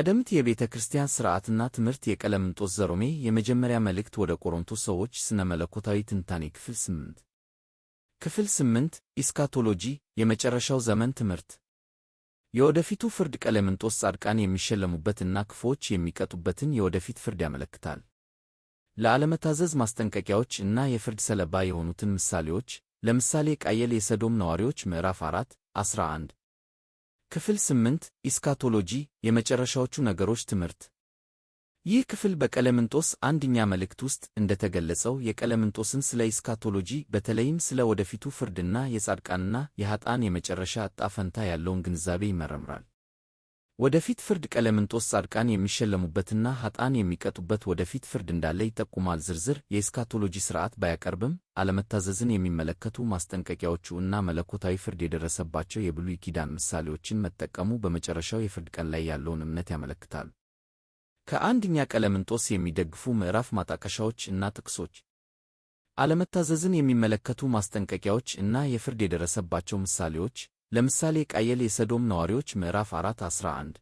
ቀደምት የቤተ ክርስቲያን ሥርዓትና ትምህርት የቀለምንጦስ ዘሮሜ የመጀመሪያ መልእክት ወደ ቆሮንቶስ ሰዎች ስነ መለኮታዊ ትንታኔ ክፍል ስምንት ክፍል ስምንት ኢስካቶሎጂ የመጨረሻው ዘመን ትምህርት የወደፊቱ ፍርድ ቀለምንጦስ ጻድቃን የሚሸለሙበትና ክፉዎች የሚቀጡበትን የወደፊት ፍርድ ያመለክታል። ለአለመታዘዝ ማስጠንቀቂያዎች እና የፍርድ ሰለባ የሆኑትን ምሳሌዎች ለምሳሌ ቃየል የሰዶም ነዋሪዎች ምዕራፍ 4 11 ክፍል ስምንት ኢስካቶሎጂ የመጨረሻዎቹ ነገሮች ትምህርት። ይህ ክፍል በቀለምንጦስ አንደኛ መልእክት ውስጥ እንደተገለጸው የቀለምንጦስን ስለ ኢስካቶሎጂ በተለይም ስለ ወደፊቱ ፍርድና የጻድቃንና የኃጥአን የመጨረሻ ዕጣ ፈንታ ያለውን ግንዛቤ ይመረምራል። ወደፊት ፍርድ ቀለምንጦስ ጻድቃን የሚሸለሙበትና ኃጥአን የሚቀጡበት ወደፊት ፍርድ እንዳለ ይጠቁማል። ዝርዝር የኤስካቶሎጂ ሥርዓት ባያቀርብም አለመታዘዝን የሚመለከቱ ማስጠንቀቂያዎቹ እና መለኮታዊ ፍርድ የደረሰባቸው የብሉይ ኪዳን ምሳሌዎችን መጠቀሙ በመጨረሻው የፍርድ ቀን ላይ ያለውን እምነት ያመለክታሉ። ከአንደኛ ቀለምንጦስ የሚደግፉ ምዕራፍ ማጣቀሻዎች እና ጥቅሶች አለመታዘዝን የሚመለከቱ ማስጠንቀቂያዎች እና የፍርድ የደረሰባቸው ምሳሌዎች ለምሳሌ ቃየል የሰዶም ነዋሪዎች ምዕራፍ 4 11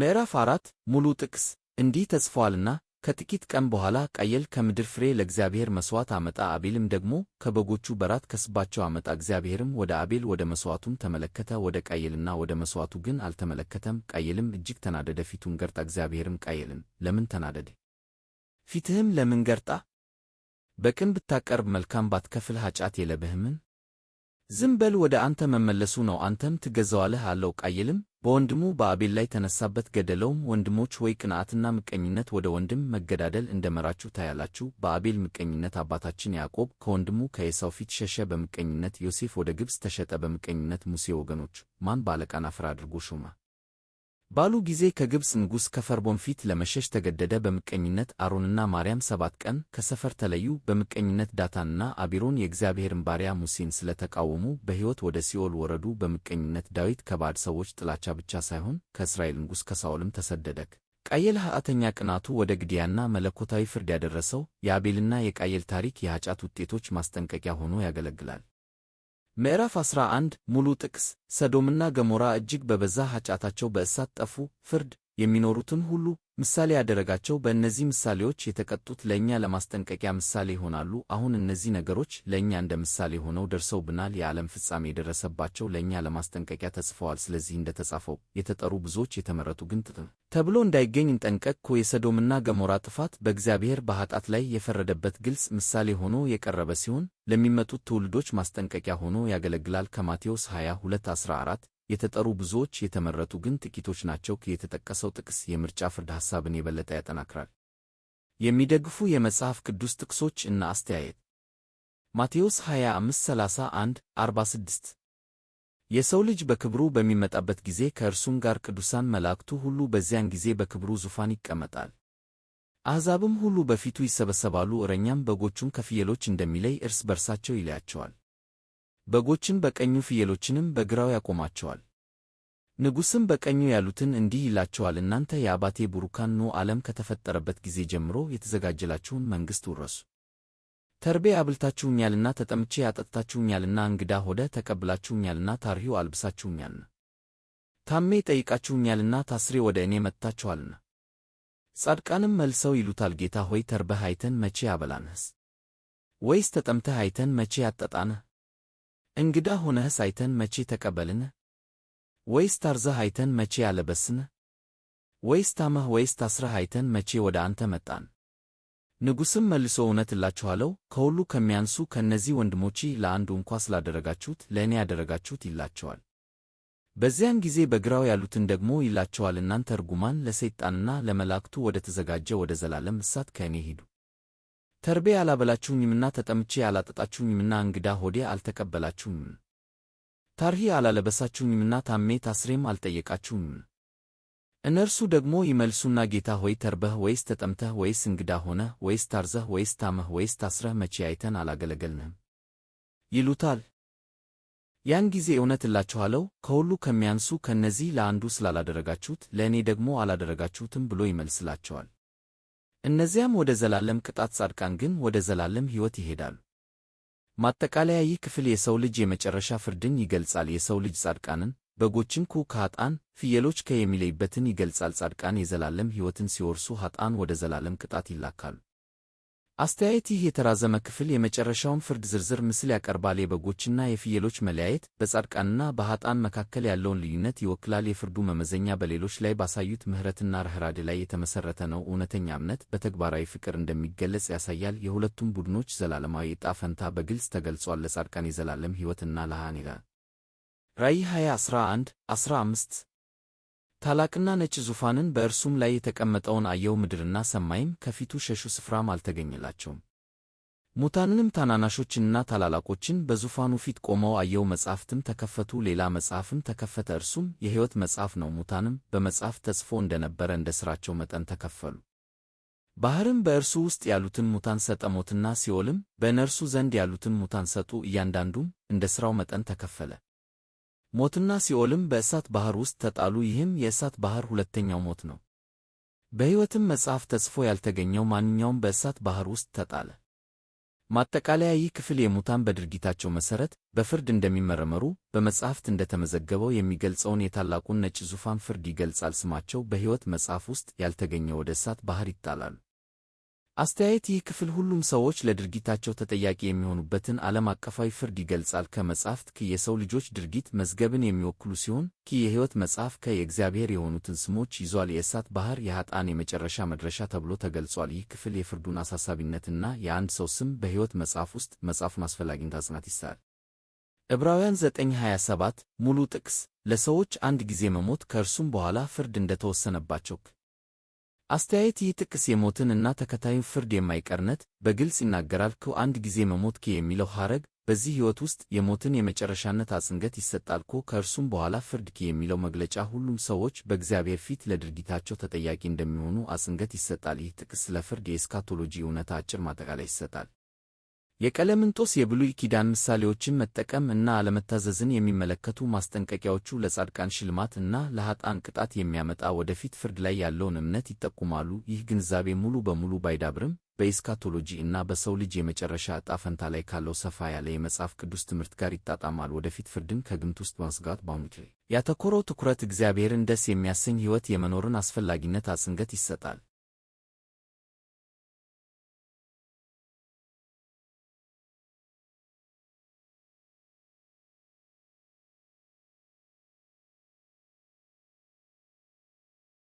ምዕራፍ 4 ሙሉ ጥቅስ እንዲህ ተጽፏልና ከጥቂት ቀን በኋላ ቃየል ከምድር ፍሬ ለእግዚአብሔር መሥዋዕት አመጣ፣ አቤልም ደግሞ ከበጎቹ በራት ከስባቸው አመጣ። እግዚአብሔርም ወደ አቤል ወደ መሥዋዕቱም ተመለከተ፣ ወደ ቃየልና ወደ መሥዋዕቱ ግን አልተመለከተም። ቃየልም እጅግ ተናደደ፣ ፊቱን ገርጣ። እግዚአብሔርም ቃየልን ለምን ተናደደ? ፊትህም ለምን ገርጣ? በቅን ብታቀርብ መልካም ባትከፍል ኃጢአት የለብህምን? ዝም በል ወደ አንተ መመለሱ ነው። አንተም ትገዛዋለህ አለው። ቃየልም በወንድሙ በአቤል ላይ ተነሳበት፣ ገደለውም። ወንድሞች ወይ ቅንዓትና ምቀኝነት ወደ ወንድም መገዳደል እንደመራችሁ ታያላችሁ። በአቤል ምቀኝነት አባታችን ያዕቆብ ከወንድሙ ከኤሳው ፊት ሸሸ። በምቀኝነት ዮሴፍ ወደ ግብፅ ተሸጠ። በምቀኝነት ሙሴ ወገኖች ማን ባለቃን አፍራ አድርጎ ሾመ? ባሉ ጊዜ ከግብፅ ንጉሥ ከፈርዖን ፊት ለመሸሽ ተገደደ። በምቀኝነት አሮንና ማርያም ሰባት ቀን ከሰፈር ተለዩ። በምቀኝነት ዳታንና አቢሮን የእግዚአብሔርን ባሪያ ሙሴን ስለተቃወሙ በሕይወት ወደ ሲኦል ወረዱ። በምቀኝነት ዳዊት ከባዕድ ሰዎች ጥላቻ ብቻ ሳይሆን ከእስራኤል ንጉሥ ከሳኦልም ተሰደደክ ቃየል ኃጢአተኛ ቅናቱ ወደ ግድያና መለኮታዊ ፍርድ ያደረሰው የአቤልና የቃየል ታሪክ የኃጢአት ውጤቶች ማስጠንቀቂያ ሆኖ ያገለግላል። ምዕራፍ 11 ሙሉ ጥቅስ ሰዶምና ገሞራ እጅግ በበዛ ኃጢአታቸው በእሳት ጠፉ። ፍርድ የሚኖሩትን ሁሉ ምሳሌ ያደረጋቸው በእነዚህ ምሳሌዎች የተቀጡት ለእኛ ለማስጠንቀቂያ ምሳሌ ይሆናሉ። አሁን እነዚህ ነገሮች ለእኛ እንደ ምሳሌ ሆነው ደርሰውብናል። የዓለም ፍጻሜ የደረሰባቸው ለእኛ ለማስጠንቀቂያ ተጽፈዋል። ስለዚህ እንደ ተጻፈው የተጠሩ ብዙዎች፣ የተመረጡ ግን ተብሎ እንዳይገኝ እንጠንቀቅ። የሰዶምና ገሞራ ጥፋት በእግዚአብሔር በኃጢአት ላይ የፈረደበት ግልጽ ምሳሌ ሆኖ የቀረበ ሲሆን ለሚመጡት ትውልዶች ማስጠንቀቂያ ሆኖ ያገለግላል። ከማቴዎስ 22:14 የተጠሩ ብዙዎች፣ የተመረጡ ግን ጥቂቶች ናቸው። የተጠቀሰው ጥቅስ የምርጫ ፍርድ ሐሳብን የበለጠ ያጠናክራል። የሚደግፉ የመጽሐፍ ቅዱስ ጥቅሶች እና አስተያየት ማቴዎስ 25:31 46 የሰው ልጅ በክብሩ በሚመጣበት ጊዜ ከእርሱም ጋር ቅዱሳን መላእክቱ ሁሉ በዚያን ጊዜ በክብሩ ዙፋን ይቀመጣል። አሕዛብም ሁሉ በፊቱ ይሰበሰባሉ። እረኛም በጎቹን ከፍየሎች እንደሚለይ እርስ በርሳቸው ይለያቸዋል። በጎችን በቀኙ ፍየሎችንም በግራው ያቆማቸዋል። ንጉሥም በቀኙ ያሉትን እንዲህ ይላቸዋል፣ እናንተ የአባቴ ቡሩካን ኖ ዓለም ከተፈጠረበት ጊዜ ጀምሮ የተዘጋጀላችሁን መንግሥት ውረሱ። ተርቤ አብልታችሁኛልና፣ ተጠምቼ ያጠጥታችሁኛልና እንግዳ ሆደ ተቀብላችሁኛልና፣ ታርሂው አልብሳችሁኛልና፣ ታሜ ጠይቃችሁኛልና፣ ታስሬ ወደ እኔ መጥታችኋልና። ጻድቃንም መልሰው ይሉታል፣ ጌታ ሆይ ተርበህ አይተን መቼ አበላንህስ? ወይስ ተጠምተህ አይተን መቼ አጠጣንህ? እንግዳ ሆነህስ አይተን መቼ ተቀበልን? ወይስ ታርዘህ አይተን መቼ አለበስን? ወይስ ታመህ ወይስ ታስረህ አይተን መቼ ወደ አንተ መጣን? ንጉሥም መልሶ እውነት እላችኋለሁ ከሁሉ ከሚያንሱ ከእነዚህ ወንድሞቼ ለአንዱ እንኳ ስላደረጋችሁት ለእኔ ያደረጋችሁት ይላቸዋል። በዚያን ጊዜ በግራው ያሉትን ደግሞ ይላቸዋል እናንተ ርጉማን ለሰይጣንና ለመላእክቱ ወደ ተዘጋጀ ወደ ዘላለም እሳት ከእኔ ሂዱ። ተርቤ አላበላችሁኝምና ተጠምቼ አላጠጣችሁኝምና እንግዳ ሆዴ አልተቀበላችሁኝም። ታርሂ አላለበሳችሁኝምና ታሜ ታስሬም አልጠየቃችሁኝም። እነርሱ ደግሞ ይመልሱና ጌታ ሆይ ተርበህ ወይስ ተጠምተህ ወይስ እንግዳ ሆነህ ወይስ ታርዘህ ወይስ ታመህ ወይስ ታስረህ መቼ አይተን አላገለገልንህም ይሉታል። ያን ጊዜ እውነት እላችኋለሁ ከሁሉ ከሚያንሱ ከእነዚህ ለአንዱ ስላላደረጋችሁት ለእኔ ደግሞ አላደረጋችሁትም ብሎ ይመልስላቸዋል። እነዚያም ወደ ዘላለም ቅጣት፣ ጻድቃን ግን ወደ ዘላለም ሕይወት ይሄዳሉ። ማጠቃለያ ይህ ክፍል የሰው ልጅ የመጨረሻ ፍርድን ይገልጻል። የሰው ልጅ ጻድቃንን በጎችን ኩ ከኃጥአን ፍየሎች ከየሚለይበትን ይገልጻል። ጻድቃን የዘላለም ሕይወትን ሲወርሱ፣ ኃጥአን ወደ ዘላለም ቅጣት ይላካሉ። አስተያየት ይህ የተራዘመ ክፍል የመጨረሻውን ፍርድ ዝርዝር ምስል ያቀርባል። የበጎችና የፍየሎች መለያየት በጻድቃንና በኃጥአን መካከል ያለውን ልዩነት ይወክላል። የፍርዱ መመዘኛ በሌሎች ላይ ባሳዩት ምሕረትና ርኅራድ ላይ የተመሠረተ ነው። እውነተኛ እምነት በተግባራዊ ፍቅር እንደሚገለጽ ያሳያል። የሁለቱም ቡድኖች ዘላለማዊ ዕጣ ፈንታ በግልጽ ተገልጿል። ለጻድቃን የዘላለም ሕይወትና ለኃጥአን ራእይ 20 11 15 ታላቅና ነጭ ዙፋንን በእርሱም ላይ የተቀመጠውን አየሁ። ምድርና ሰማይም ከፊቱ ሸሹ፣ ስፍራም አልተገኘላቸውም። ሙታንንም ታናናሾችንና ታላላቆችን በዙፋኑ ፊት ቆመው አየሁ። መጻሕፍትም ተከፈቱ፣ ሌላ መጽሐፍም ተከፈተ፣ እርሱም የሕይወት መጽሐፍ ነው። ሙታንም በመጽሐፍ ተጽፎ እንደነበረ እንደ ሥራቸው መጠን ተከፈሉ። ባሕርም በእርሱ ውስጥ ያሉትን ሙታን ሰጠ፣ ሞትና ሲኦልም በእነርሱ ዘንድ ያሉትን ሙታን ሰጡ፣ እያንዳንዱም እንደ ሥራው መጠን ተከፈለ። ሞትና ሲኦልም በእሳት ባህር ውስጥ ተጣሉ። ይህም የእሳት ባህር ሁለተኛው ሞት ነው። በሕይወትም መጽሐፍ ተጽፎ ያልተገኘው ማንኛውም በእሳት ባህር ውስጥ ተጣለ። ማጠቃለያ ይህ ክፍል የሙታን በድርጊታቸው መሠረት በፍርድ እንደሚመረመሩ በመጽሐፍት እንደተመዘገበው የሚገልጸውን የታላቁን ነጭ ዙፋን ፍርድ ይገልጻል። ስማቸው በሕይወት መጽሐፍ ውስጥ ያልተገኘ ወደ እሳት ባህር ይጣላሉ። አስተያየት ይህ ክፍል ሁሉም ሰዎች ለድርጊታቸው ተጠያቂ የሚሆኑበትን ዓለም አቀፋዊ ፍርድ ይገልጻል። ከመጻሕፍት ክ የሰው ልጆች ድርጊት መዝገብን የሚወክሉ ሲሆን ክ የሕይወት መጽሐፍ ከ የእግዚአብሔር የሆኑትን ስሞች ይዟል። የእሳት ባሕር የኃጥአን የመጨረሻ መድረሻ ተብሎ ተገልጿል። ይህ ክፍል የፍርዱን አሳሳቢነትና የአንድ ሰው ስም በሕይወት መጽሐፍ ውስጥ መጻፉን አስፈላጊነት አጽናት ይስታል። ዕብራውያን 9:27 ሙሉ ጥቅስ ለሰዎች አንድ ጊዜ መሞት ከእርሱም በኋላ ፍርድ እንደተወሰነባቸው አስተያየት ይህ ጥቅስ የሞትን እና ተከታዩን ፍርድ የማይቀርነት በግልጽ ይናገራል። ኩ አንድ ጊዜ መሞት የሚለው ሐረግ በዚህ ሕይወት ውስጥ የሞትን የመጨረሻነት አጽንገት ይሰጣል። ኩ ከእርሱም በኋላ ፍርድ የሚለው መግለጫ ሁሉም ሰዎች በእግዚአብሔር ፊት ለድርጊታቸው ተጠያቂ እንደሚሆኑ አጽንገት ይሰጣል። ይህ ጥቅስ ስለ ፍርድ የኤስካቶሎጂ እውነት አጭር ማጠቃለያ ይሰጣል። የቀለምንጦስ የብሉይ ኪዳን ምሳሌዎችን መጠቀም እና አለመታዘዝን የሚመለከቱ ማስጠንቀቂያዎቹ ለጻድቃን ሽልማት እና ለኃጥአን ቅጣት የሚያመጣ ወደፊት ፍርድ ላይ ያለውን እምነት ይጠቁማሉ። ይህ ግንዛቤ ሙሉ በሙሉ ባይዳብርም በኢስካቶሎጂ እና በሰው ልጅ የመጨረሻ ዕጣ ፈንታ ላይ ካለው ሰፋ ያለ የመጽሐፍ ቅዱስ ትምህርት ጋር ይጣጣማል። ወደፊት ፍርድን ከግምት ውስጥ ማስገባት ባሙት ያተኮረው ትኩረት እግዚአብሔርን ደስ የሚያሰኝ ሕይወት የመኖርን አስፈላጊነት አጽንዖት ይሰጣል።